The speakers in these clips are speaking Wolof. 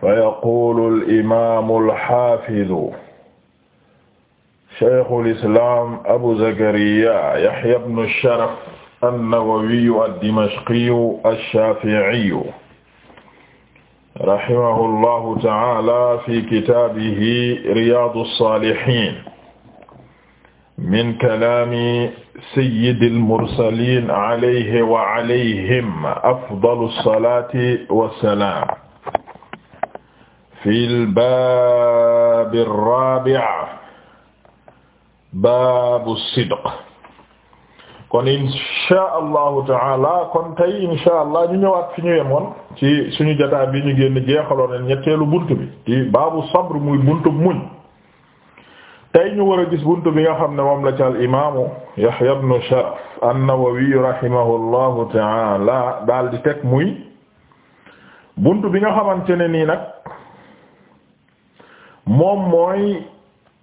fa yaqulu al-imaamu al-haafidu shaykhul islaam abu zakariya yahya ibnu sharaf an-nawawiyu ad-dimashqiyu ash-shaafi'iyu rahimahu llahu ta'aala fi kitaabihi riyaadu saalihiin min kalaami sayyidil mursaliin alayhi wa alayhim afdalu salaati wa salaam fil baabi raabi' baabu sidq kon insha allahu taala kon tey insha allah ñu ñëwaat fi ñu yemoon ci suñu jotaay bi ñu génn jeexaloon na ñetteelu bunt bi ci baabu sabr muy buntu muñ tey ñu war a gis bunt bi nga xam ne moom la ci al imaamu Yahya ibn Sharaf nawawi rahimahullahu taala daal di teg muy bunt bi nga xamante ne nii nag. moom mooy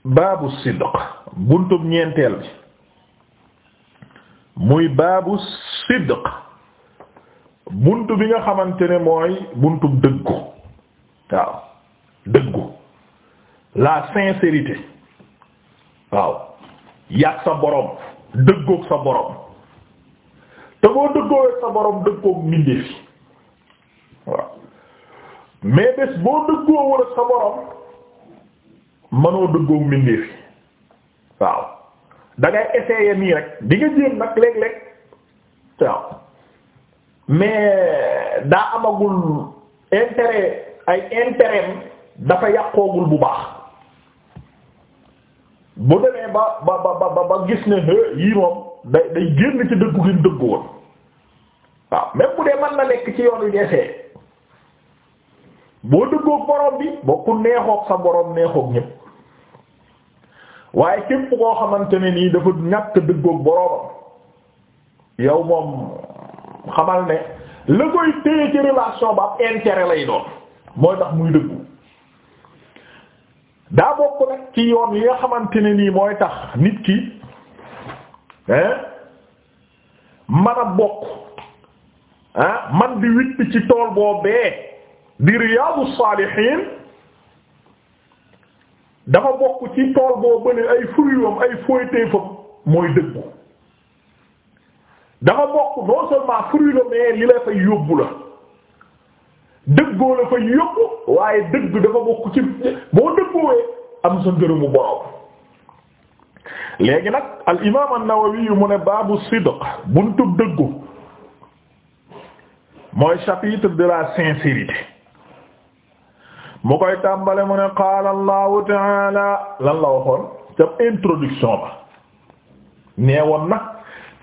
baabu sidq buntub ñeenteel bi muy baabu sidq buntu bi nga xamante ne mooy buntub dëggu waaw dëggu la sincérité waaw yàgg sa borom dëggoog sa borom te boo dëggoog sa borom dëggoog mbindeef waaw mais bés boo dëggoo wër sa borom. manoo dëggoog mbindeef yi waaw dangay ngay essayer nii rek di jéem nag léeg-léeg waaw mais daa amagul intérêt ay intérêt dafa yàqoogul bu baax bu demee ba ba ba ba gis ne yii moom day day génn ci dëggu gi dëggu waaw même bu dee man na nekk ci yoon wi di boo dëggoog borom bi boo ku neexoog sa borom neexoog ñépp. waaye képp koo xamante ne nii dafa ñàkk dëggoog boroomam yow moom xamal ne la koy téye ci relation ba ab intérêt lay doon mooy tax muy dëggu daa bokk nag ci yoon yi nga xamante ne nii mooy tax nit ki hein man a bokk ah man di witt ci tool boobee di Riyâdous-Sâlihîne dafa bokk ci tool boo bële ay furiwam ay foyteefam mooy dëggu dafa bokk non seulement fruit la mais li la fay yóbbu la dëggoo la fay yóbbu waaye dëgg dafa bokk ci boo dëggoowee am sa ngërëmu boroom léegi nag al imaam an-Nawawi mu ne baabu sidq buntu dëggu mooy chapitre de la sincérité mu koy tàmbale mu ne qaala allahu taala lan la waxoon ca introduction ba nee woon nag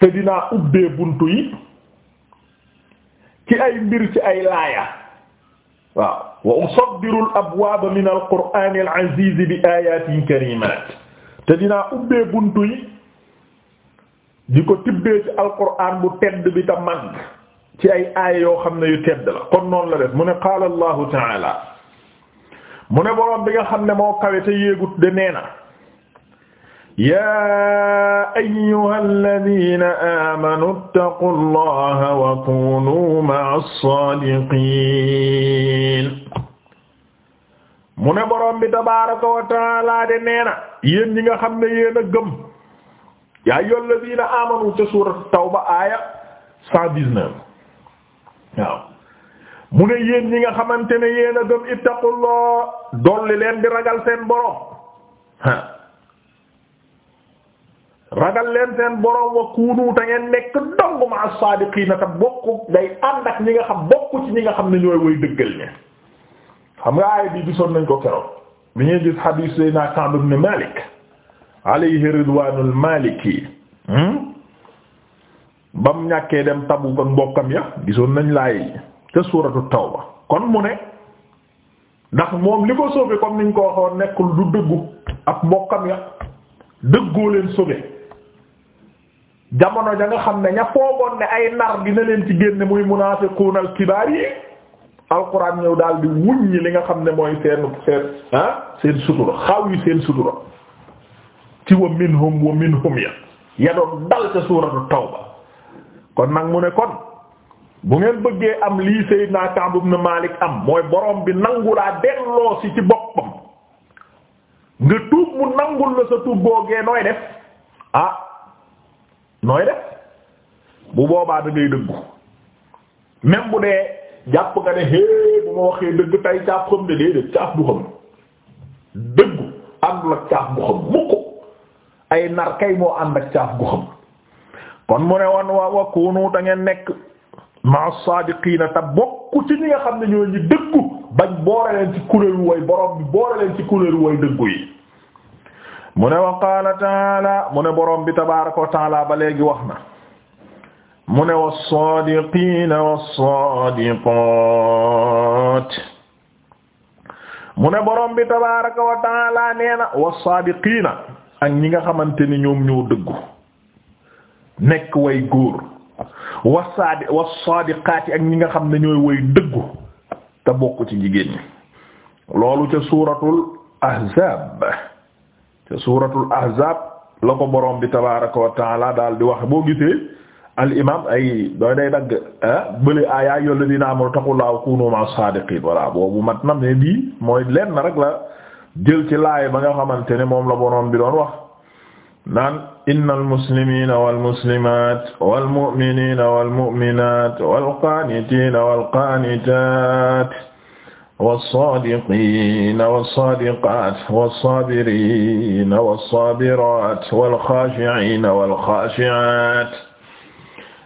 te dinaa ubbee buntu yi ci ay mbir ci ay laaya waaw wa usaddiru al abwaaba min al qur'aan al aziz bi ayatin karimaat te dinaa ubbee buntu yi di ko tibbee ci alqur'aan bu tedd bi ta mag ci ay aaya yoo xam ne yu tedd la kon noonu la def mu ne qaala allahu taala mu ne boroom bi nga xam ne moo kawe te yéegut de nee na yaa ayyuhal ladina amanu ittaqullaha wa kunu ma'as sadiqin mu ne boroom bi tabaaraka wa ta'ala de nee na yéen ñi nga xam ne yéen a gëm yaa ayyuhal amanu ca suurat tawba aaya 119 waaw mu ne yéen ñi nga xamante ne yéen a gëm ittaqullah dolli leen di ragal seen borom ha ragal leen seen borom wa kuunu te ngeen nekk dong ma as-saadiqiina bokk day ànd ak ñi nga xam bokk ci ñi nga xam ne ñooy way dëggal ñe xam nga aaya bi gisoon nañ ko keroog bi ñuy gis hadiis Seydina Ka'b ibn Maalik alayhi ridwaanul maaliki hmm? bam ñàkkee dem Tabuk ak mbokkam ya gisoon nañ laay te suuratu tawba kon mu ne ndax moom li ko sauvé comme niñ ko waxoon nekkul du dëggu ak mbokkam ya dëggoo leen sauvé jamono ja nga xam ne ña foogoon ne ay nar ne leen ci génne muy munaafiqun al kibaar yi alquran ñëw daal di wuññi li nga xam ne mooy seen seen ah seen sutura xaw yi seen sutura ci wa minhum wa minhum ya ya doon dal ca suuratu tawba kon nag mu ne kon bu ngeen bëggee am lii Seydina Ka'b ibn Malik am mooy borom bi nangu laa delloo si ci boppam nga tuub mu nangul la sa tuub googee nooy def ah nooy def bu boobaa da ngay dëggu même bu dee jàpp nga ne hee bu ma waxee dëgg tey caaf xam ne day def caaf du xam dëggu àndul ak caaf gu xam mu ay nar kay moo ànd ak caaf gu xam kon mu ne wan waa wa kunu da ngeen nekk. ma saadiqiina te bokk ci ñi nga xam ne ñoo ñi dëggu bañ boore ci kuréelu way borom bi boore ci kuréelu way dëggu yi mu ne wa qaala taala mu ne borom bi tabaaraka wa taala ba léegi wax mu ne wa saadiqiina mu ne borom bi na ak ñi nga xamante ni ñoom ñoo dëggu nekk way góor wasaadi wasaadiqaati ak ñi nga xam ne ñooy woy dëggu te bokk ci jigéen ñi loolu ca suuratul ahzaab ca suuratul ahzaab la ko borom bi tabaaraka wa taala daal di wax boo gisee al imaam ay dooy day dagg ah, bële aaya yol ladina amanu taqullaaha kunu ma saadiqiin voilà boobu mat na ne bii mooy lenn rek la jël ci laay ba nga xamante ne moom la borom bi doon wax. naan innal muslimiina wal muslimaat wal mu'miniina wal mu'minaat wal qaanitiina wal qaanitaat والصادقين والصادقات والصابرين والصابرات والخاشعين والخاشعات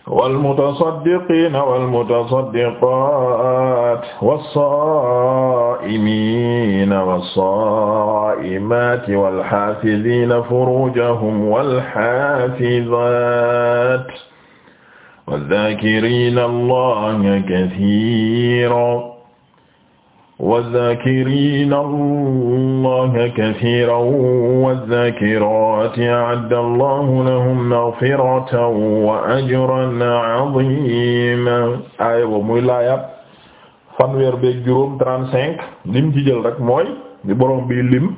والمتصدقين والمتصدقات والصائمين والصائمات والحافظين فروجهم والحافظات والذاكرين الله كثيرا wazakirina allaha kasiran wazakirati a'adda allahu lahum maghfiratan wa ajran 'azima aaya boobu muy laayab fanweer beeg juróom trente-cinq lim ci jël rek mooy di borom bi lim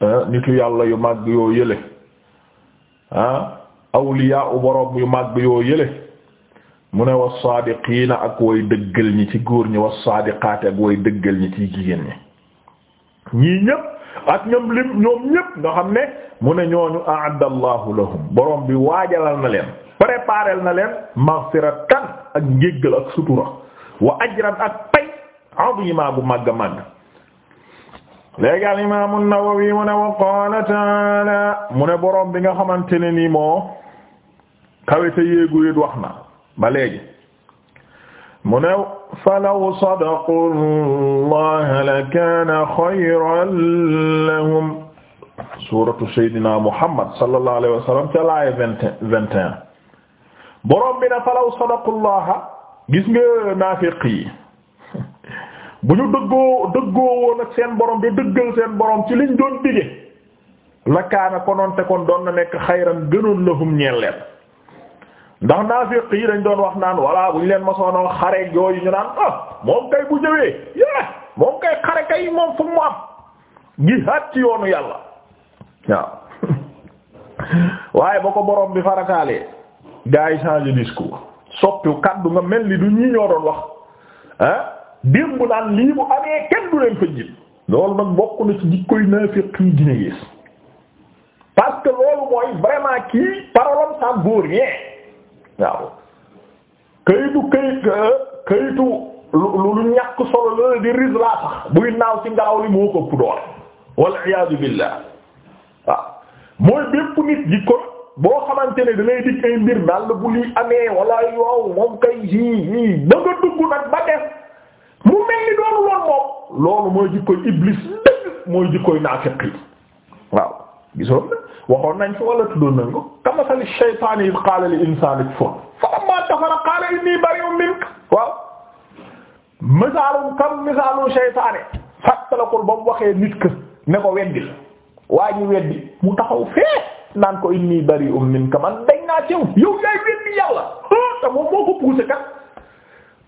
eh, nitu yàlla yu màgg yoo yële ah awliyaa u borom yu màgg yoo yële mu ne was-saadiqiina ak way dëggal ñi ci góor ñi was-saadiqaati ak way dëggal ñi ci jigéen ñi ñii ñépp ak ñoom lim ñoom ñépp nga xam ne mu ne ñooñu a'adda Allahu lahum borom bi waajalal na leen préparel na leen maghfiratan ak njéggal ak sutura wa ajran ak pay azima bu màgg a màgg léegi al imam an-Nawawi mu ne wa qaala mu ne borom bi nga xamante ne nii moo kawete yéegu yit wax na ba léegi mu ne falaw sadaqu allah la kaana xayran lahum suratu saydina muhammad sallallahu alayhi wa sallam ca laaya vingt vingt un boroom allah gis nga naafiq yi bu ñu dëggoo dëggoo woon seen borom da dëggal seen borom ci liñ doon dige la kaana konoonte kon doon na nekk gënu gënoon lahum ñeelleen ndax naafiq yi dañ doon wax naan walla bu ñu leen masoonoo xare yooyu ñu naan ah moom kay bu ñëwee yee moom kay xare kay moom fu mu am jihaad ci yoonu yàlla waaw waaye ba ko borom bi farakaalee gars yi changer discours soppi kaddu nga mel ni du ñi ñoo doon wax ah démb naan lii bu amee kenn du leen fa jib loolu nag bokk na ci jikkoy naafiq yi dina gis parce loolu mooy vraiment kii parolam ça vaut rien waaw kayitu kayit kayitu lu lu ñàkk solo la di ris laa sax buy naaw ci ngelaw li moo ko ëpp wal iyaadu billah waaw mooy bépp nit ji boo xamante ne da lay dig mbir daal la bu lii amee wala yow moom kay yii yii ba nga dugg ba def mu mel ni doonu loon moom loolu mooy jikkoy iblis dëgg mooy jikkoy naafiq yi waaw gisoon waxoon nañ fi wala tuddoon nañ ko kamasali shaytaani iz qaala li insaani kfur falammaa kafara qaala innii bari'un minka waaw misaalum kam misaalum shaytaani fàttalikul ba mu waxee nit ka ne ko weddi waa weddi mu taxaw fee naan ko innii bari'un minka man dañ naa teew yow yaay weddi yàlla ah te moom moo ko poussé kat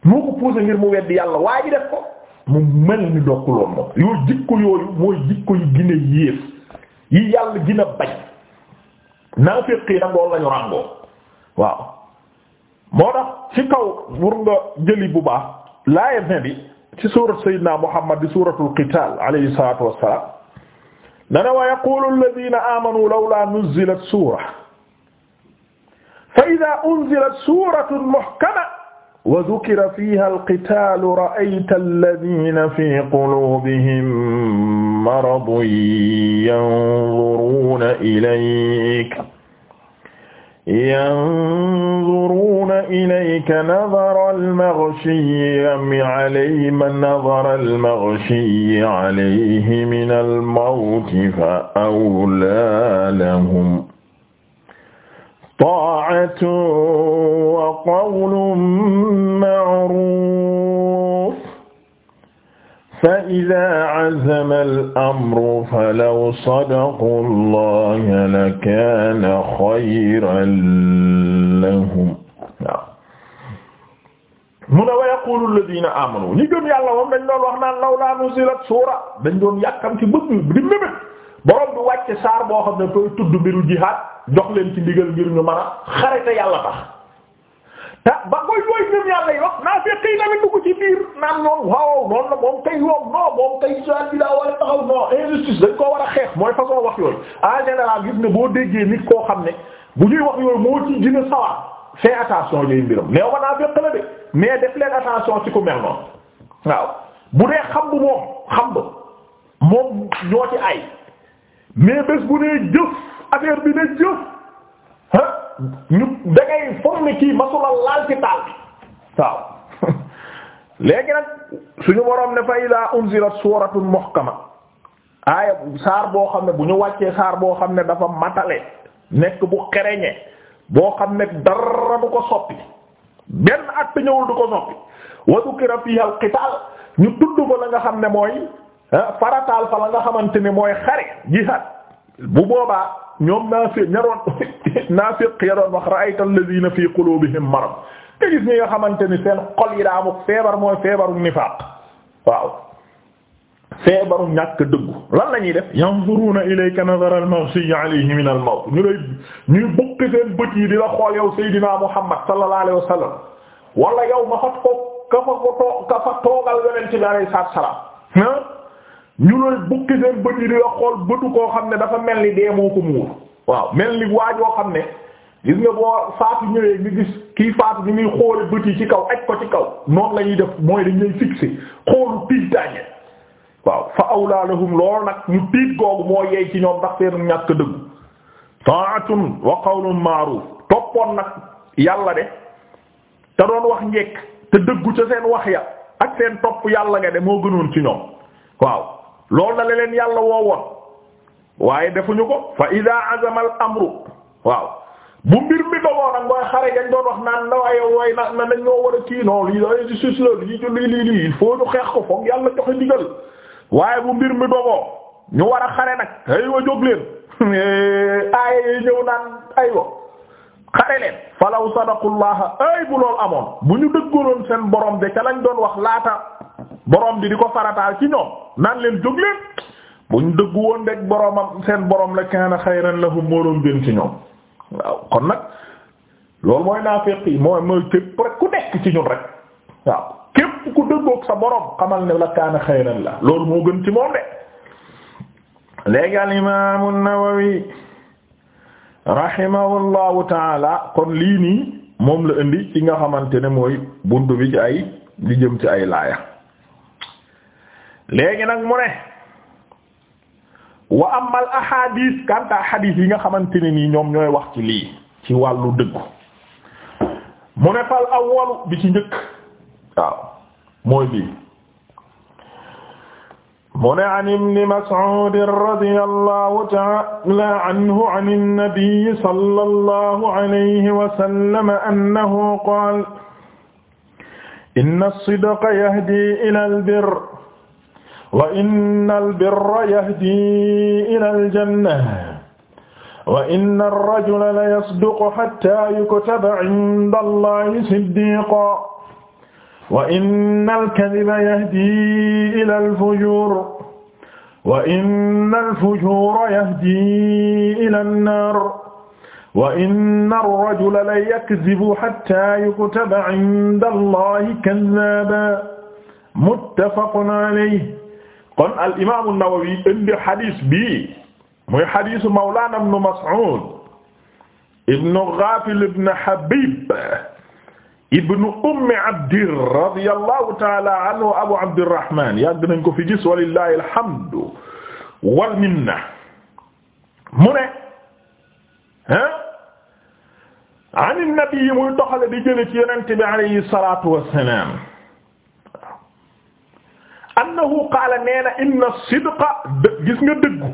moo ko poussé ngir mu weddi yàlla waa def ko mu mel ni dokkuloon moom yooyu jikko yooyu mooy jikko yi gën yi yàlla dina bañ naafiq yi nag loolu lañu ràngoo waaw moo tax ci kaw wur nga jëli bu baax laaya vingt bi ci suurat sayyidina muhammad di suuratul qitaal alayhi salaatu wassalaam dana wa yaqulu alladhina amanu lawla nuzzilat suura fa idha unzilat suuratun muhkama wa dhukira fiha alqitaalu ra'ayta alladhina fi qulubihim maradun yanzuruna ilayka yanzuruna ilayka nadhara al-maghshiyyi alayhi nadhara al-maghshiyyi alayhi min al-mawti fa awlaa lahum ta'atun wa qawlun ma'ruf fa idaa azama al-amru falaw sadaqa Allaha lakaana xayran lahum waaw mu ne wa yaquulu alladhiina aamanu ñi gëm yàlla moom dañ doon wax naan lawlaa nuzilat suura dañ doon yàkkam ci bëgg di mébét borom bi wàcce saar boo xam ne koy tudd mbiru jihaad jox leen ci ndigal ngir ñu mën a xare yàlla tax ba koy looy ñëm yàlla yi naa fekk yi tamit dugg ci biir naan noonu waaw noonu la moom kay yoon non moom kay jihad bi daa war a taxaw non injustice dañ koo war a xeex mooy façon wax yooyu en général gis ne boo déggee nit koo xam ne bu ñuy wax yooyu moo ci gën a ci ku mel noonu waaw moom ñoo ci ay mais bés bu nee jëf affaire bi ne jëf ah ñu da ngay former kii masula laal ci taal bi waaw léegi nag suñu boroom ne fa ida unzilat suratun muhkama aaya saar boo xam ne bu ñu wàccee saar boo xam ne dafa matale nekk bu xereñe boo xam ne dara du ko soppi benn at ñëwul du ko soppi wa dhukira fiha al qital ñu tudd ko la nga xam ne mooy Ah farataal fa la xamante ne mooy xare jihaad bu boobaa ñoom naafiq ñaroon naafiq yaroon wax ra'ayta alladhina fi qulubihim marad te gis ñi nga xamante ni seen xol yi daa am feebar mooy feebar nifaaq waaw feebaru ñàkk dëggu lan la ñuy def yanzuruna ilayka nazara al-maghshiy alayhi min al-mawt ñu lay ñuy bukki seen bët di la xool yow Seydina Muhammad sallallahu alayhi wa sallam wala yow ma fat ko ka fa toogal yonent bi alayhi salaam ñu lay bukki seen bët yi di la xool bëtu koo xam ne dafa mel ni dee moo ko muur waaw mel ni waajoo xam ne gis nga boo faatu ñëwee nga gis kii faatu ñu ngi xoole bët yi ci kaw aj ko ci kaw noonu lañuy def mooy dañ lay fixé xoolu tiitaange waaw fa awlaa lahum lool nag ñu tiit googu moo yey ci ñoom ndax seen ñàkk dëgg ta'atun wa qawlun ma'ruf toppoon nag yàlla de te doon wax njekk te dëggu ca seen wax ya ak seen topp yàlla nga de moo gënoon ci ñoom lool la leen yàlla woowoon waaye defuñu ko fa ida azama al amru waaw bu mbir mi dogoo nag mooy xare gañ doon wax naan na waaye way na na ñoo war a kii non lii da justice la lii lii lii lii ñu xeex ko foog yàlla joxe ndigal waaye bu mbir mi dogoo ñu war a xare nag aywa jóg leen aaya yi ñëw naan aywa xare leen falaw sadaqullah ay bu loolu amoon bu ñu dëggaloon seen borom de ca lañ doon wax laata borom bi di ko farataal ci ñoom naan leen jóg leen buñ dëgg woon rek boromam seen boroom la kaana xayran la moo doon gën ci ñoom waaw kon nag loolu mooy naafeq yi mooy mooy képp rek ku nekk ci ñun rek waaw képp ku dëggoog sa borom xamal ne la kaana xayran la loolu moo gën ci moom de léegi al imaamu Nawawi rahimahullahu taala kon lii nii moom la indi ci nga xamante ne mooy buntu bi ci ay li jëm ci ay laaya léegi nag mu ne wa amal ahadis kanta ahadis yi nga xamante ne nii ñoom ñooy wax ci lii ci wàllu dëggu mu ne fal awwalu bi ci njëkk waaw mooy bii mu ne an ibni Mas'ud radiyallahu ta'ala anhu an an-nabi sallallahu alayhi wa sallam annahu qaala inna as-sidqa yahdi ila al-birr wa innal birra yahdi ilal janna wa innal rajula layasduqu hatta yuktaba inda Allahi siddiqan wa innal kadhiba yahdi ilal fujur wa innal fujura yahdi ilan nar wa innal rajula layakdhibu hatta yuktaba inda Allahi kadhaban muttafaqun alayhi kon al imaamu Nawawi indi hadis bi muy hadisu Mawlana ibn Mas'ud ibn Ghafil ibn Habib ibn Ummi Abdir radiyallahu ta'ala anhu Abu Abdirrahman yàgg nañ ko fi gis walillahi alhamdu wal minna mu ne ah an nabi muy doxale di jële ci yonent bi alayhi salatu wassalam annahu qaala nee na inna sidqa gis nga dëggu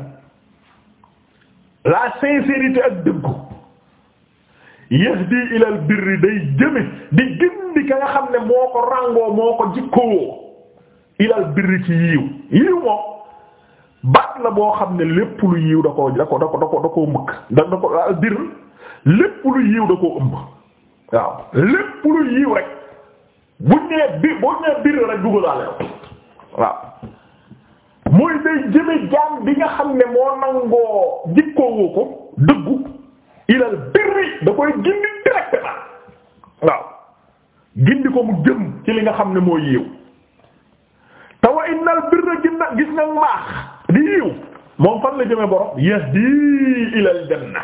la sincérité ak dëggu yahdi ila al birri day jëme di gindi ka nga xam ne moo ko rangoo moo ko jikkowoo ila birri ci yiiw yiiw moom baat la boo xam ne lépp lu yiiw da ko da ko da ko da ko mbëkk da da ko al lépp lu yiiw da koo ëmb waaw lépp lu yiiw rek buñ nee bi buñ nee birr rek dugalaale waaw mooy day jëme jaam bi nga xam ne moo nangoo jikkoowoo ko dëggu ilal birri da koy gindi directement waaw gindi ko mu jëm ci li nga xam ne moo yiw te wa innal birra ginna gis nga mbaax di yiw moom fan la jëme borom yahdi ilal janna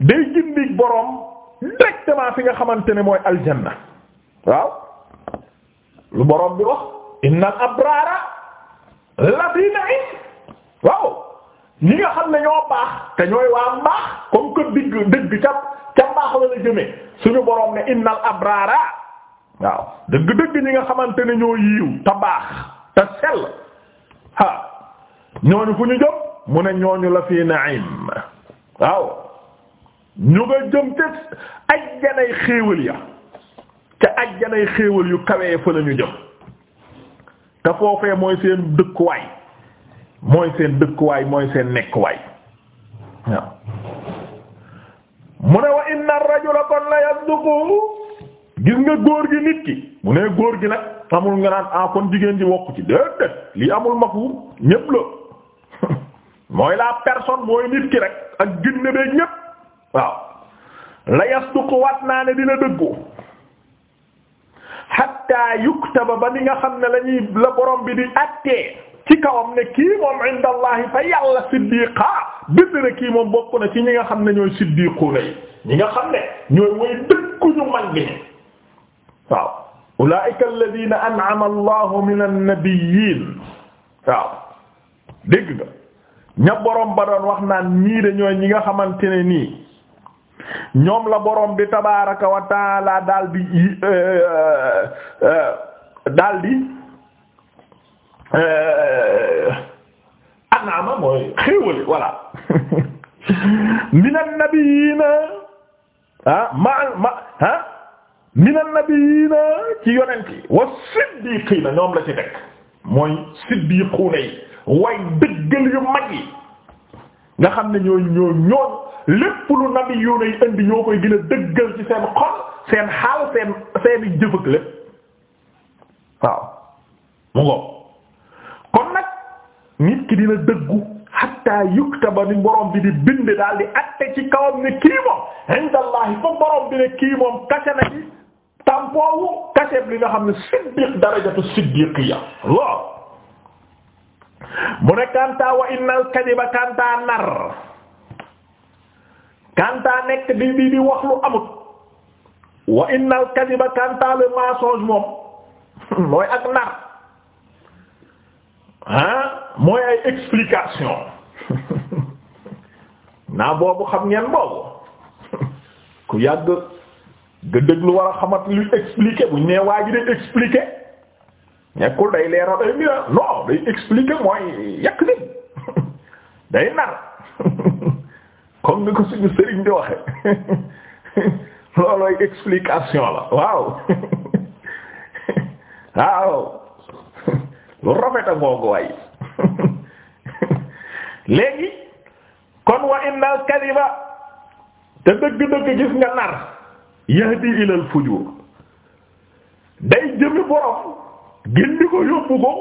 day gindi borom directement fi nga xamante ne mooy aljanna waaw lu borom bi wax innal abraara la fii na'im waaw ñi nga xam ne ñoo baax te ñooy waa mbaax comme que digg dëgg ca ca mbaax la la jëmee suñu boroom ne innal abraara waaw dëgg-dëgg ñi nga xamante ne ñoo yiiw te baax te sell ah ñooñu fu ñu jëm mu ne ñooñu la fii na'im waaw ñu nga jëm te ajjanay xéewal ya ca ajjanay xéewal yu kawee fa la jëm. te mooy seen dëkkuwaay mooy seen dëkkuwaay mooy seen nekkuwaay waaw mu ne wa inna ar-rajula kon la yasduqu gis nga góor gi nit ki mu ne góor gi nag amul nga naan ah kon jigéen ji wokk ci déedéet lii amul mafhum ñépp la mooy la personne mooy nit ki rek ak ginne bee ñépp waaw la yasduqu wat naa ne dina dëggu hatta yuktaba ba ni nga xam ne la ñuy la borom bi di attee ci kawam ne kii moom fa yàlla siddiqa bésara kii moom bokk na ci ñi nga xam ne ñooy siddiquuna yi ñi nga xam ne ñooy way dëkkuñu mag gi waaw ulaika alladina an'ama allahu min annabiyyin waaw dégg nga borom ba wax naan ñii de ñi nga xamante ne nii ñoom la borom bi tabaaraka wa taala daal di eh, eh, eh, daal di anaama mooy xéewale voilà minan nabiyina ah, ma ma ah minan nabiyina ci yonent yi wa siddiqiina ñoom la ci teg mooy siddiquuna yi way dëggal yu mag yi nga xam ne ñoo ñoo ñoon lépp lu nabi yu nay indi ñoo koy gën a dëggal ci seen xol seen xaal seen seeni jëfëg lépp mu ngoom kon nit ki dina dëggu hatta yuktaba ni borom bi di bind daal di atte ci kawam ne kii moom indallahi fa borom bi ne kii moom kase na ci li nga xam ne siddiq darajatu siddiqiya waaw mu ne kanta wa innal kadiba kanta nar kantaa nekk di di di wax lu amut wa innal kadhiba kantaa le mensonge moom mooy ak nar ah mooy ay explication naa boobu xam ngeen boobu ku yàgg nga déglu war a xamat lu expliquer buñ nee day expliquer nekkul day leeral day mira non day expliquer mooy yàq nit day nar comme ni ko suñu sëriñ di waxe loolooy explication la waaw waaw lu rafet a googu way léegi kon wa innal kadhiba te dëgg-dëgg gis nga nar yahdi ilal fujur day jëmi borom gindi ko yóbbu ko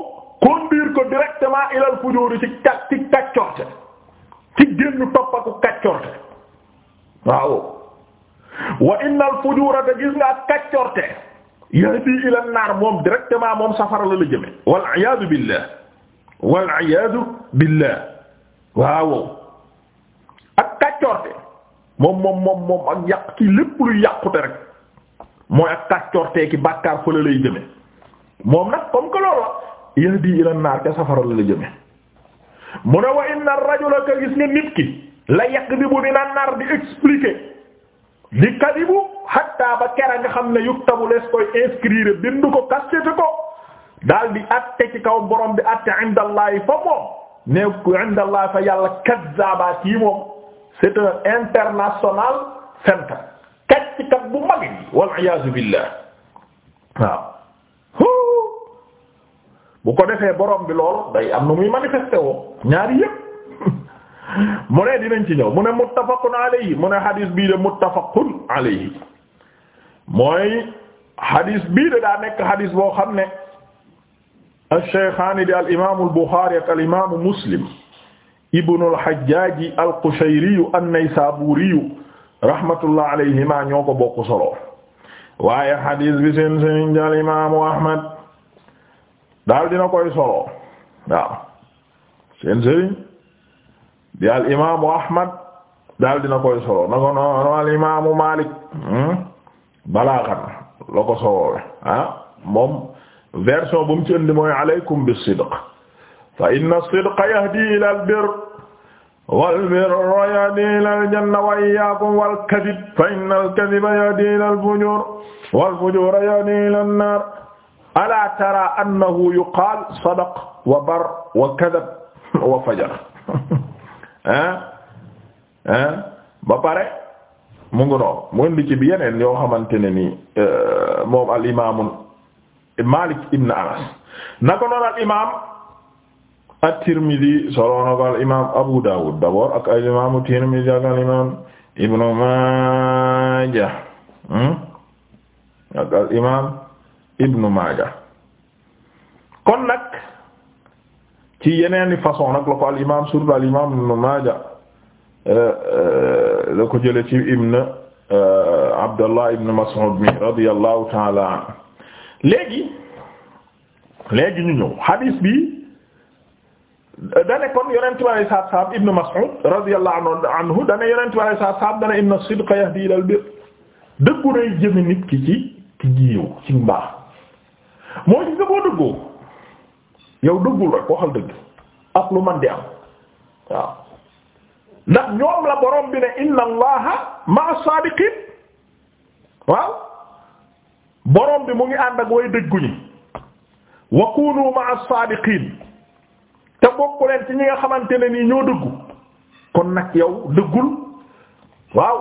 conduire ko directement ilal fujur ci kat ci kat coorte ci génn toppaku kaccorte waaw wa innal fujura te gis kaccorte yahdi ila naar moom directement moom safara la la jëme wal iyaadu billah wal ak kaccorte moom moom moom ak yàq ci lépp lu yàqute rek mooy ak kaccorte ki bàkkaar fa la lay jëme moom nag comme que la yahdi ila naar te safara la la jëme mu ne wa inna ar-rajula ka gis nga la yakdibu dina nar di expliquer di kadibu hatta ba nga xam ne yuktabu lees koy inscrire bindu ko kassete ko daal di atte ci kaw borom bi atte indallahi fa moom ne indallahi fa yàlla kazzaba kii moom c'est un international centre kacc kat bu wal iyaazu billah waaw bu ko defee borom bi loolu day am nu muy manifesté woo ñaari yépp mu ne dinañ ci ñëw mu ne muttafaqun alayhi mu ne hadis bii de muttafaqun alayhi mooy hadis bii de daa nekk hadis boo xam ne ash-shaykhaani di al imaamu al buxaari ak al imaamu muslim ibnu al hajjaaji al qushayriyu an-naysaabuuriyu rahmatullah alayhima ñoo ko bokk solo waaye hadis bi seen seen al ahmad daal dina koy solo waaw seen sëriñ di al imaamu ahmad daal dina koy solo na ko noonu al imaamu malik hmm? balaaxan la ko soloowe ah moom version bu mu ci indi mooy alaykum bis-sidq fa inna as-sidqa yahdi ila al-birr wal-birra yahdi ila al-janna wa iyyakum wal-kadhib fa inna al-kadhiba yahdi ila al-fujur wal-fujur yahdi ila an-nar alaa tara annahu yuqaal sadaq wa bar wa kadab wa fajar ah ah ba pare mu ngi noonu mu indi ci bi yeneen yoo xamante ne ni euh, moom al imaamu Maalik ibn Anas na ko noonu al imaam at-Tirmidhi solo na ko al imaam Abu Dawud d'abord ak al imaamu Tirmidhi ak al imaam Ibn Maaja hmm? ak al imaam. ibnu maaja kon nag ci yeneeni façon nag la ko al imaam surtout al imaam ibnu maaja euh, euh, la ko jële ci ibnu euh, abdullah ibnu mas'ud mi radiyallahu taala an léegi léegi ñu ñëw hadis bi dane kon yonent bi alayhi salaatu salaam ibnu mas'ud radiyallahu anhu dane yonent bi alayhi salaatu salaam dane inna sidqa yahdi ilal bir dëggu day jëme nit ki ci ci giiw ci mbaax mooy gis nga boo dëggoo yow dëggul rek waxal dëgg ak lu man di am waaw ndax ñoom la borom bi ne inna allaha ma'a saadiqin waaw borom bi mu ngi ànd ak way dëgguñi wa kunu ma'a saadiqin te bokku leen ci ñi nga xamante ne nii ñoo dëggu kon nag yow dëggul waaw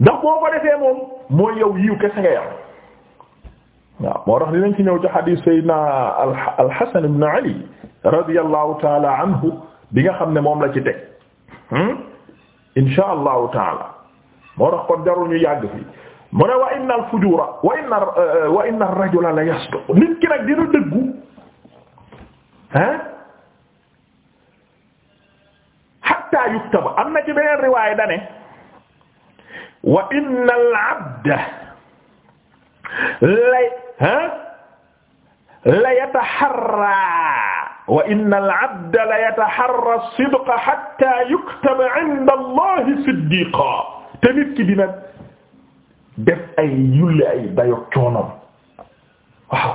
ndax boo ko defee moom mooy yow yiw kese nga yam waaw moo tax dinañ ci ñëw ci xadiis Seydina al-Hasan ibn Ali radiyallahu taala anhu bi nga xam ne moom la ci teg hmm? insha allahu taala moo tax kon jarul ñu yàgg fii mu ne wa inna al-fujuura wa inna wa inna ar-rajula la yasduq nit ki nag dina dëggu ah hatta yuktaba am na ci beneen riwaaya dane wa inna al-abda lay ah la yataharraa wa inna al-abda la yataharraa as-sidqa hattaa yuktaba 'inda Allahi siddiqan te nit ki dina def ay yulle ay dayo coonoom waaw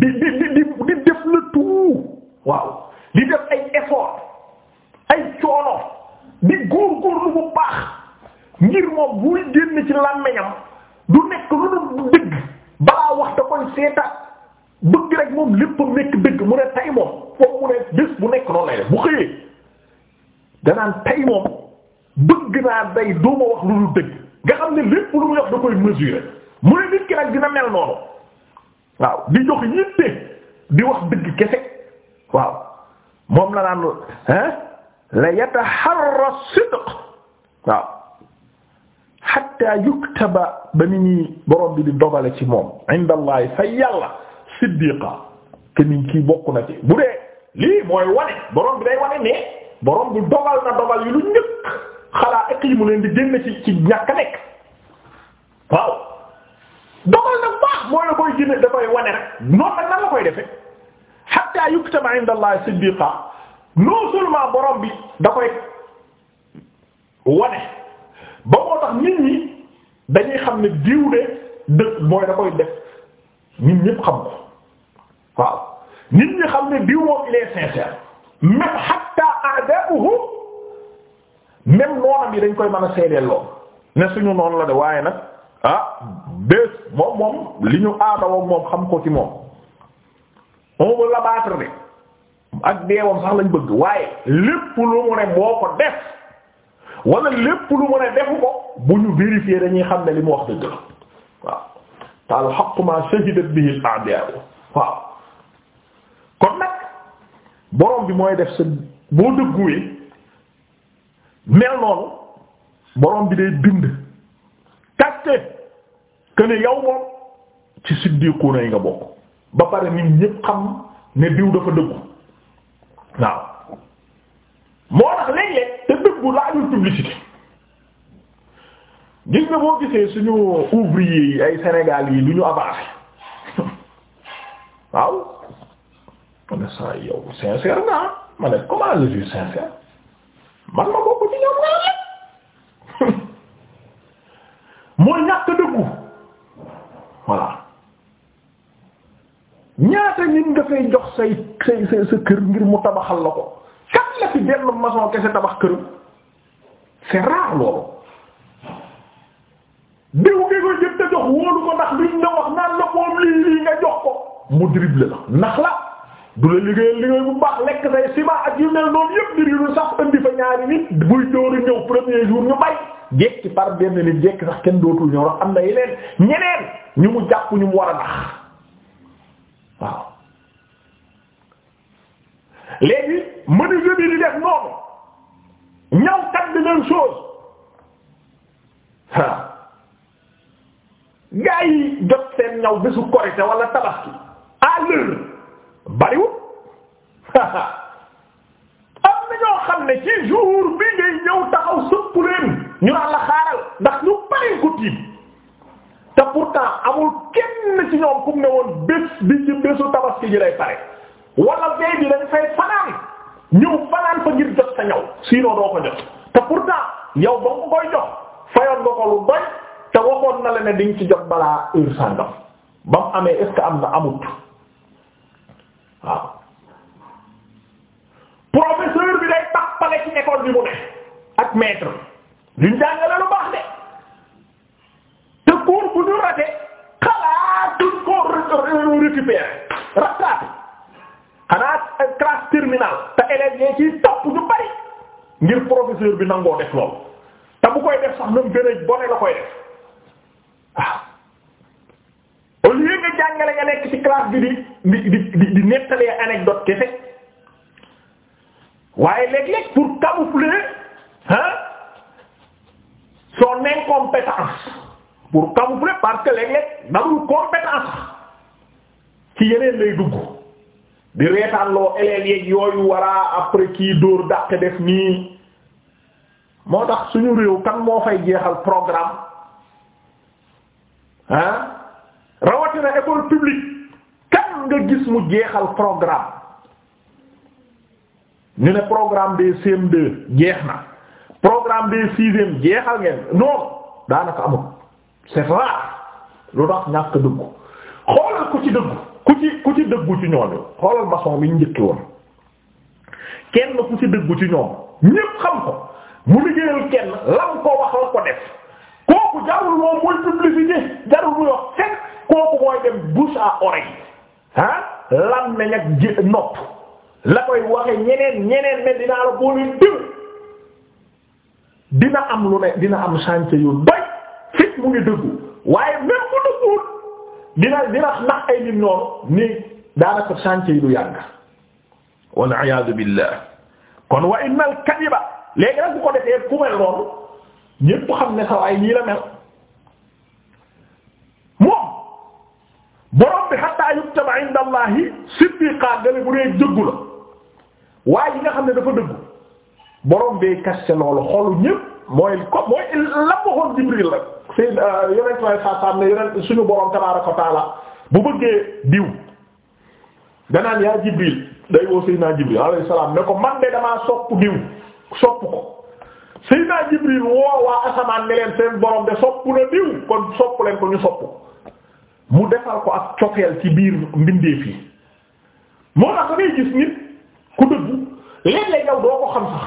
di di di di def le tout waaw di def ay effort ay coono di góorgóorlu bu baax ngir moom buy génn ci làmmiñam du nekk lu dul dëgg balaa wax da koy seeta bëgg rek moom lépp nekk dëgg mu ne tay moom mu ne bés bu nekk noonu lay def bu xëyee danaan tay moom bëgg naa day doo ma wax lu dul dëgg xam ne lépp lu muy wax da koy mesurer mu ne nit ki dina mel noonu waaw di jox yitte di wax dëgg kese waaw moom la naan hein la yataharra sidq waaw xatta yuktaba ba ni ñuy borom bi di dogale ci moom inda allah fa yàlla siddiqa kenn kii bokk na ci bu dee lii mooy wane borom bi day wane ne borom bi dogal na dogal yi lu njëkk xalaa ak yi mu leen di génn ci ci ñàkk nekk waaw dogal na baax mooy la koy génne da koy wane rek noonu nag nan la koy defee xatta yuktaba inda allah siddiqa non seulement borom bi da koy wane. ba moo tax nit ñi dañuy xam ne diw de dëkk mooy da koy def ñun ñëpp xam ko waaw nit ñi xam ne diw moom il est sincère même hatta a'da'uhu même noonam yi dañ koy mën a seedeel lool ne suñu noonu la de waaye nag ah bés moom moom li ñu aadawook moom xam ko ci moom on veut de ak deewam sax lañ bëgg waaye lépp lu mu ne boo ko def wala lépp lu mu ne defu ko bu ñu vérifier dañuy xam ne li mu wax dëgg la waaw taal xaqu ma shahidat bihi al-a'daa waaw kon nag borom bi mooy def sa boo dëgguwee mel noonu borom bi day bind katte que ne yow moom ci siddiquuna yi nga bokk ba pare nit ñépp xam ne diw dafa dëggu waaw moo tax léeg bu laajul publicité gis nga boo gisee suñu ouvrier yi ay Sénégal yi du ñu avancé waaw ma ne saa yow sincère naa ah. ma ne comment je suis man ma bokk ci mooy ñàkk dëggu voilà ñaata nit nga fay jox say say sa kër ngir mu tabaxal la ko kat la fi benn maçon kese tabax këram c'est rare loolu diw gi ko jënd jox wóolu ko ndax liñ la wax naan la moom lii lii nga jox ko mu dribble la ndax la du la liggéeyal liggéey bu baax lekk say ciment ak yu mel noonu yëpp di sax indi fa ñaari nit buy dóoru ñëw premier jour ñu bay jekki par benn nit jekki sax kenn dootul ñëw am na yeneen ñeneen ñu mu jàpp ñu mu war a nax waaw léegi menuisier bi di def noonu ñawkat bi même chose ah gars yi jot seen ñaw bésu korite wala tabaski à l'heure bariwul am na xam ne ci jour bi ngay ñëw taxaw sëpp leen ñu naan la xaaral ndax ñu bari ko tiim te pourtant amul kenn ci ñoom ku ne woon bés bi ci bésu tabaski ji lay pare wala bee bi dañ fay fanaan. ñëw fanaan fa ngir jot sa ñaw sinon doo ko jot te pourtant yow ba nga koy jox fayoon nga ko lu doy te waxoon na la ne diñ ci jot balaa heure sàngam ba mu amee est am na amut waaw professeur bi day tappale ci école bi mu ne ak maître duñ jàngale lu baax de te cours bu ñu raté xalaatuñ ko récupérer rattraper xanaa classe terminale te élèves yi topp ñu bari ngir professeur bi nangoo def loolu te bu koy def sax même gën a bone la koy def waaw au lieu nga jàngale nga nekk ci classe bi di di di di nettalee anecdote kese waaye léeg-léeg pour camoufler hein son incompétence pour camoufler parce que léeg-léeg narul compétence ci yeneen lay dugg. di reetaan loo élèves yooyu walla après kii dóor dàq def nii moo tax suñu réew kan moo fay jeexal programme ah rawatina école publique kan nga gis mu jeexal programme ñu ne programme des CM2 jeex na programme des sixième jeexal ngeen non daanaka amul c'est rare lu tax ñàkk dëggu xoolal ko ci dëggu. ku ci ku ci dëggu ci ñooñu xoolal maçon bi njëkki woon kenn ku ci dëggu ci ñoom ñépp xam ko mu liggéeyal kenn lam ko wax la ko def kooku jarul moom mooy publicité jarul muy wax fekk kooku mooy dem bouche à oreille ah lam nañ ak nopp la koy waxe ñeneen ñeneen ne dinaa la boole diw dina am lu ne dina am chantier yu doy fit mu ngi dëggu waaye même dina dina nax ay nit noonu ni daanaka chantier yi du yàgg wal iyaadu billah kon wa innal kadiba léegi nag bu ko defee ku mel noonu xam ne sa waay la mel moom borom bi hatta yuktaba inda allahi siddiqa gale bu dee dëggu la waaye nga xam ne dafa dëggu borom bee kaste loolu xolu ñépp mooy ko mooy la waxoon Jibril sëy euh, yonent may saasaam ne yonent suñu borom tabaaraka wa taala bu bëggee diw danaan yaa Jibril day woo Seydina Jibril alayhi salaam ne ko man de damaa sopp diw sopp ko Seydina Jibril woo waa asamaan ne seen borom de sopp na diw kon sopp leen ko ñu sopp mu defal ko ak cofeel ci biir mbindeef yi moo tax ngay gis nit ku dëggu léeg-léeg doo ko xam sax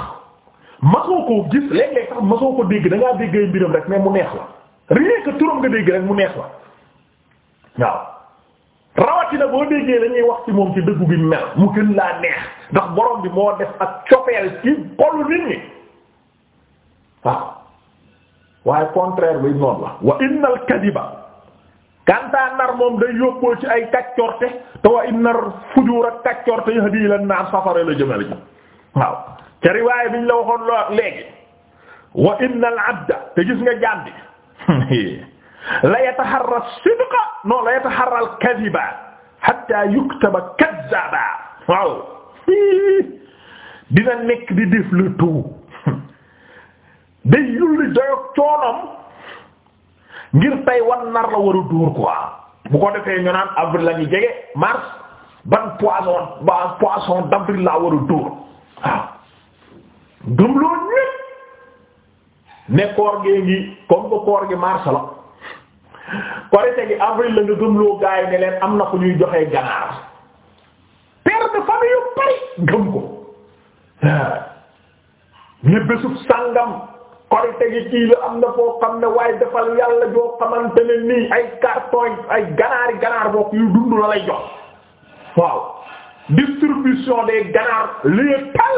masoo koo gis léeg-léeg sax masoo ko dégg dangaa déggay mbiram rek mais mu neex la rien que turam nga dégg rek mu neex la nag rawatina boo déggee dañuy wax ci moom ci dëggu bi mel mu gën laa neex ndax borom bi moo def ak copeel ci xolu nit ñi waaw waaye contraire bi noonu la wa innal kadiba kantaa nar moom day yóbboo ci ay kaccorte te wa inna fujuur ak kaccorte yahdi ila naar safara la jëmale ji waaw ca riwaaya biñ la waxoon loo léegi wa innal abda te gis nga jaam la yataharra sidqa non la yataharra al-kadhiba hatta yuktaba kadhaba waaw dina nekk di def le tout day yulli doyog coonom ngir tay wan nar la war a dóor bu ko defee ñu naan avril la ñu jege mars ban poisson ban poisson d'avril la war a dóor waaw gëm loolu ne koor gee ngi comme que koor gi mars la korite gi avril la nga gëmloo gaay ne leen am na fu ñuy joxee ganaar père de famille yu bari gëm ko ne bésub sàngam korite gi kii la am na foo xam ne waaye defal yàlla joo xamante nii ay carton ay ganaari ganaar bokk yu dund la lay jox waaw distribution des ganaar lieu tal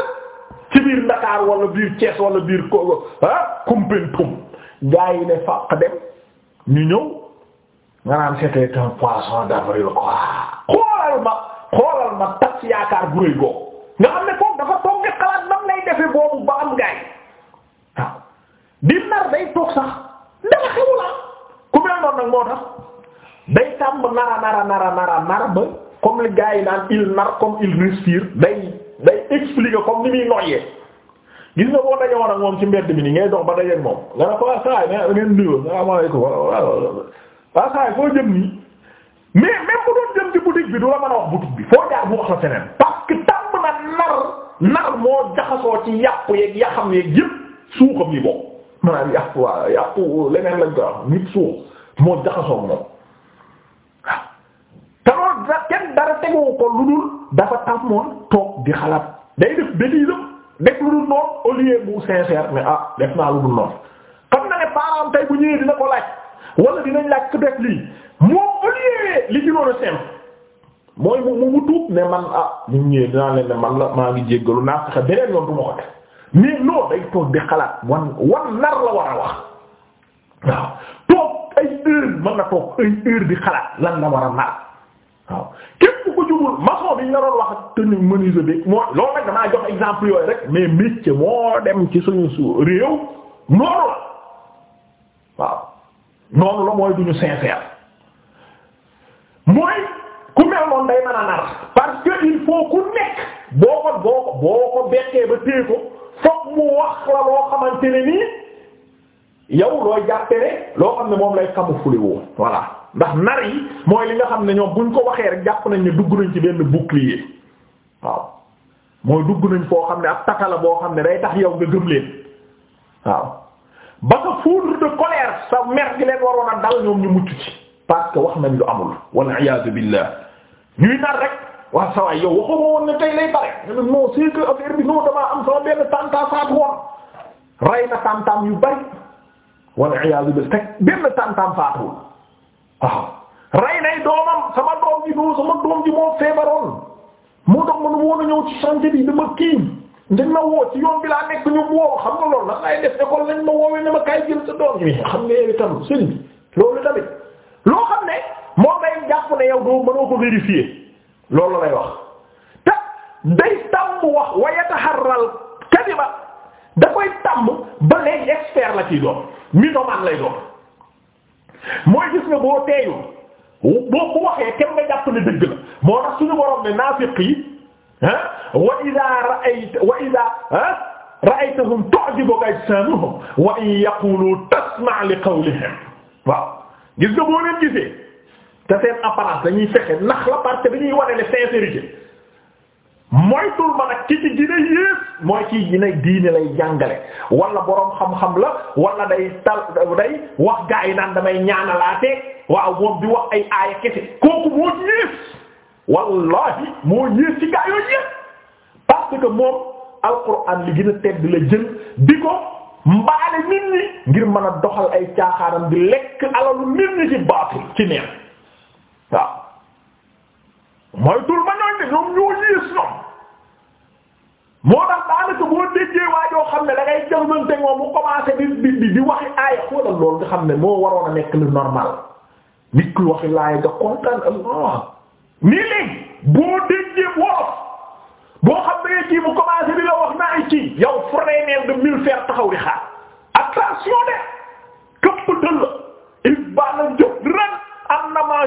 ci biir Dakar wala biir Thiès wala biir Kogo ah Koumpentoum yi ne fàq dem ñu ñëw nga naan c'était un poisson d'avril quoi xoolal ma xoolal ma tas yaakaar bu rëy nga xam ne kooku dafa toog xalaat nam lay defe boobu ba am gars yi waaw ah. nar day toog sax dama xewu la ah. ku mel noonu nag moo tax day tàmb nara nara nara nara nar ba comme les gars yi naan il nar comme il respire day. day expliquer comme ni muy noyyee gis nga boo dajewoon ak moom ci mbedd mi ni ngay dox ba dajeeg moom nga ne ko waa saa ne ngeen nuyoo salaamaaleykum waa saa foo jëm nii mais même bu doon jëm ci boutique bi du la mën a wax boutique bi foo jaar bu wax la feneen parce que tàmm na nar nar moo jaxasoo ci yàpp yeeg yaxam yeeg yëpp suuxam yi boobu maanaam yàpp la yàpp leneen lañ ko suux moo jaxasoo moom tegoo ko lu dul dafa tàmmoon toog di xalaat day def bêtise def lu dul noonu au lieu bu sincère mais ah def naa lu dul noonu xam na ne parent tey bu ñëwee dina ko laaj wala dinañ laaj ku def lii moom au li gënoon a simple mooy mu mu tuub ne man ah ñu ñëwee dinaa leen man la maa ngi jéggalu naa fexe beneen yoon du ma ko def mais non day toog di xalaat wan wan nar la war a wax waaw toog ay heure mën na toog ay heure di xalaat lan la war a nar budul maçon bi ñu la doon wax ak tenu menuisier bi moo loolu nag damaa jox exemple yooyu rek mais métier moo dem ci suñu su réew noonu la waaw noonu la mooy duñu sincère mooy ku mel noonu day mën a nar parce que il faut ku nekk boo ko boo ko bekkee ba téye ko fokk mu wax la loo xamante ne nii yow looy jàppale loo xam ne moom lay camoufler woo voilà. ndax nar yi mooy li nga xam ne ñoom buñ ko waxee rek jàpp nañ ni dugg nañ ci benn bouclier waaw mooy dugg nañ foo xam ne ab takala boo xam ne day tax yow nga gëm leen waaw ba sa foudre de colère sa mer leen waroon a dal ñoom ñu mucc ci parce que wax nañ lu amul wal iyaazu billah ñuy nar rek waa sawaay yow waxoo woon ne tey lay bare non c'est que affaire bi non damaa am sama benn tanta saatu woon rey na tantam yu bari wal iyaazu billah teg waaw rey nay doomam sama doom ji doo sama doom ji moo feebaroon moo tax man woon a ñëw ci santé bi dama kiiñ ndax ma woo ci yoon bi laa nekk ñu woo xam nga loolu nag lay lañ ma woowee ne ma kay jël sa yi xam nga yow tam sëñ bi loolu tamit loo xam ne moo day jàpp ko vérifier loolu lay wax te day tàmm wax wayataxarral kadiba da koy tàmm ba léegi expert la ciy doon mythomane lay doon. mooy gis nga boo teeyu boo ko waxee kenn nga jàpp ne dëgg la moo tax suñu borom ne naafiq yi ah wa ida ra'ayta wa ida ah ra'aytahum tu'jibuka ajsamuhum wa in yaqulu tasma' li a waaw gis nga boo leen gisee te seen apparence dañuy fexe nax la parce que dañuy wane ne sincérité moytul ma nag ki ci gine yées mooy kii gine diine lay jàngale wala boroom xam-xam la walla day tal day wax gaa yi naan damay ñaanalaatee waaw moom di wax ay aaya kese kooku moo yées wallahi moo yées ci gaa yépp parce moom alquran li gën tedd la jël di ko mbaale nit ñi ngir mën a doxal ay caaxaanam di lekk alalu nit ñi ci baatul ci neen waaw moytul ma ñooñ ne ñoom ñoo yées ñoom moo tax daanaka boo déggee waa xam ne da ngay jëflante moom bu commencé di di di waxi aaya xoolal loolu nga xam ne moo waroon a nekk lu normal nit ku waxi laaya nga kontaan Allah nii léegi boo déggee wolof boo xam ne kii bu commencé di la wax naa ay kii yow freineel de mille faire taxaw di xaar attention de këpp dël la il bana jóg ren am na ma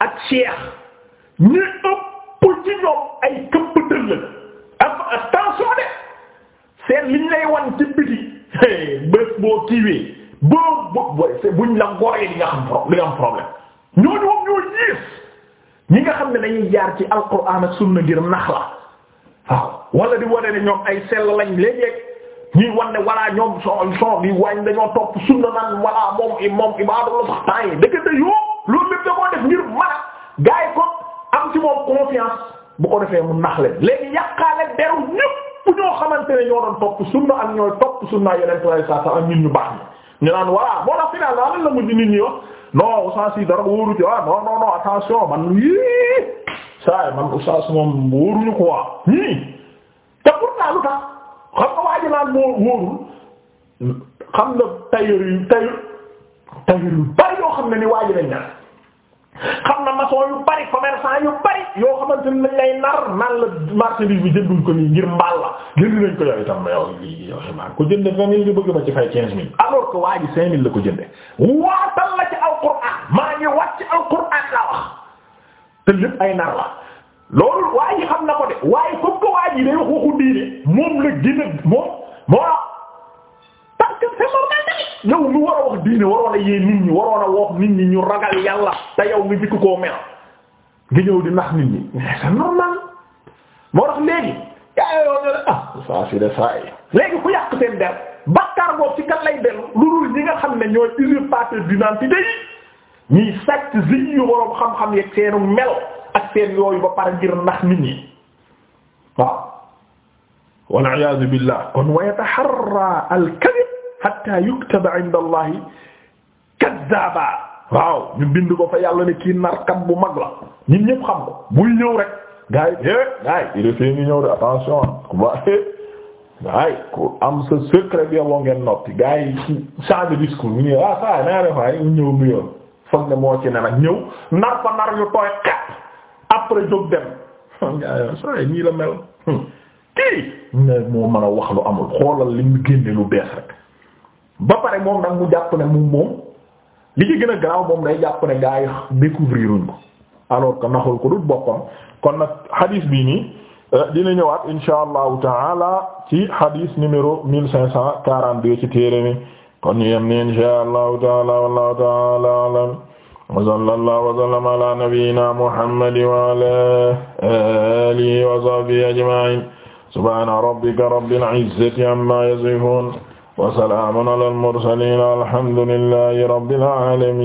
ak cheikh ñu ëpp ci ñoom ay këpp tëll attention de seen liñ lay wan ci biti bés boo kiiwee boo bo bo buñ la ngoree di nga xam pro di nga ñi nga xam ne dañuy jaar ci alquran ak sunna ngir nax la waaw wala di wane ne ñoom ay sell lañ léeg-léeg ñuy wan ne voilà ñoom son son bi wàññi dañoo topp sunna naan voilà moom i moom ibaadu la sax temps yi dëgg yoo. confiance bu ko defee mu nax leen léegi yàqaale deru ñëpp ñoo xamante ne ñoo doon topp sunna ak ñooy topp sunna yeneen tubaab saa saa ak ñun ñu baax ñu ñu naan voilà moo tax finalement lan la mujj nit ñi wax non oustaz si dara wóoru ci ah non non non attention man yii saa man oustaz moom wóoruñu ko waa ñii te pourtant lu tax xam nga waa naan moo wóorul xam nga tailleur yu tailleur tailleur yu bari yoo xam ne ni waa lañ ñaan. xam na maçon yu bari commerçant yu bari yoo xamante ni dañ lay nar naan la marchandise bi jënduñ ko nii ngir mbaal la jënd nañ ko yow itam yow lii yow xibaar ko jënde vingt mille nga bëgg ma ci fay quinze mille alors que waa ji cinq mille la ko jënde waatal la ci alquran maa ngi wàcc ci alquran la wax te lépp ay nar la loolu waa xam na ko de waaye comme que waa ji day wax waxu diine moom la gën a moom moo que normal tamit yow mi a wax diine waroon wax nit ñu ragal yàlla te yow nga jikk koo mel nga ñëw di nax nit ñi c'est normal moo tax léegi yaa yoo ne ah saa si de saa yi léegi ku yàq seen der bakkaar boobu ci kan lay dellu lu dul ñi nga xam ne ñooy usurpateur d'identité yi ñiy sàcc zi yu xam-xam yeeg seenu ak seen yooyu ba pare ngir nax ni ñi wal iyaazu billah kon wa yataharra al kadhib hatta yuktaba inda allahi kaddaaba waaw ñu bind ko fa yàlla ne kii narkat bu mag la ñun ñëpp xam ko buy ñëw rek gaay yi eh, gaay yi irefee ngi ñëw de attention gaay ku am sa secret bi yoboo ngeen noppi gaay yi ci change discours ah, yoon foog ne moo ci ne nag ñëw nar fa nar yu tooy xat après jóg dem gaay ah, saa nii mel hmm. kii ne moo mën wax lu amul xoolal li mu génne lu beex rek ba moom nag mu jàpp mu moom li ci gën a garaaw moom day jàpp ne gaa yi découvrir uñ ko alors que naxul kon na xadiis bii nii euh, dina ñëwaat insha allahu taala ci xadiis numéro mille cinq cent quarante-deux ci téere mi kon ñu yem ni insha allahu taala wallahu taala alam wa sallallahu wa ala nabiyyina muhammad wa ala alihi wa sahbihi ajma'in subhana rabbika rabbil izzati amma yasifun wa salaamun alal mursaliin alhamdulillahi rabbil aalamiin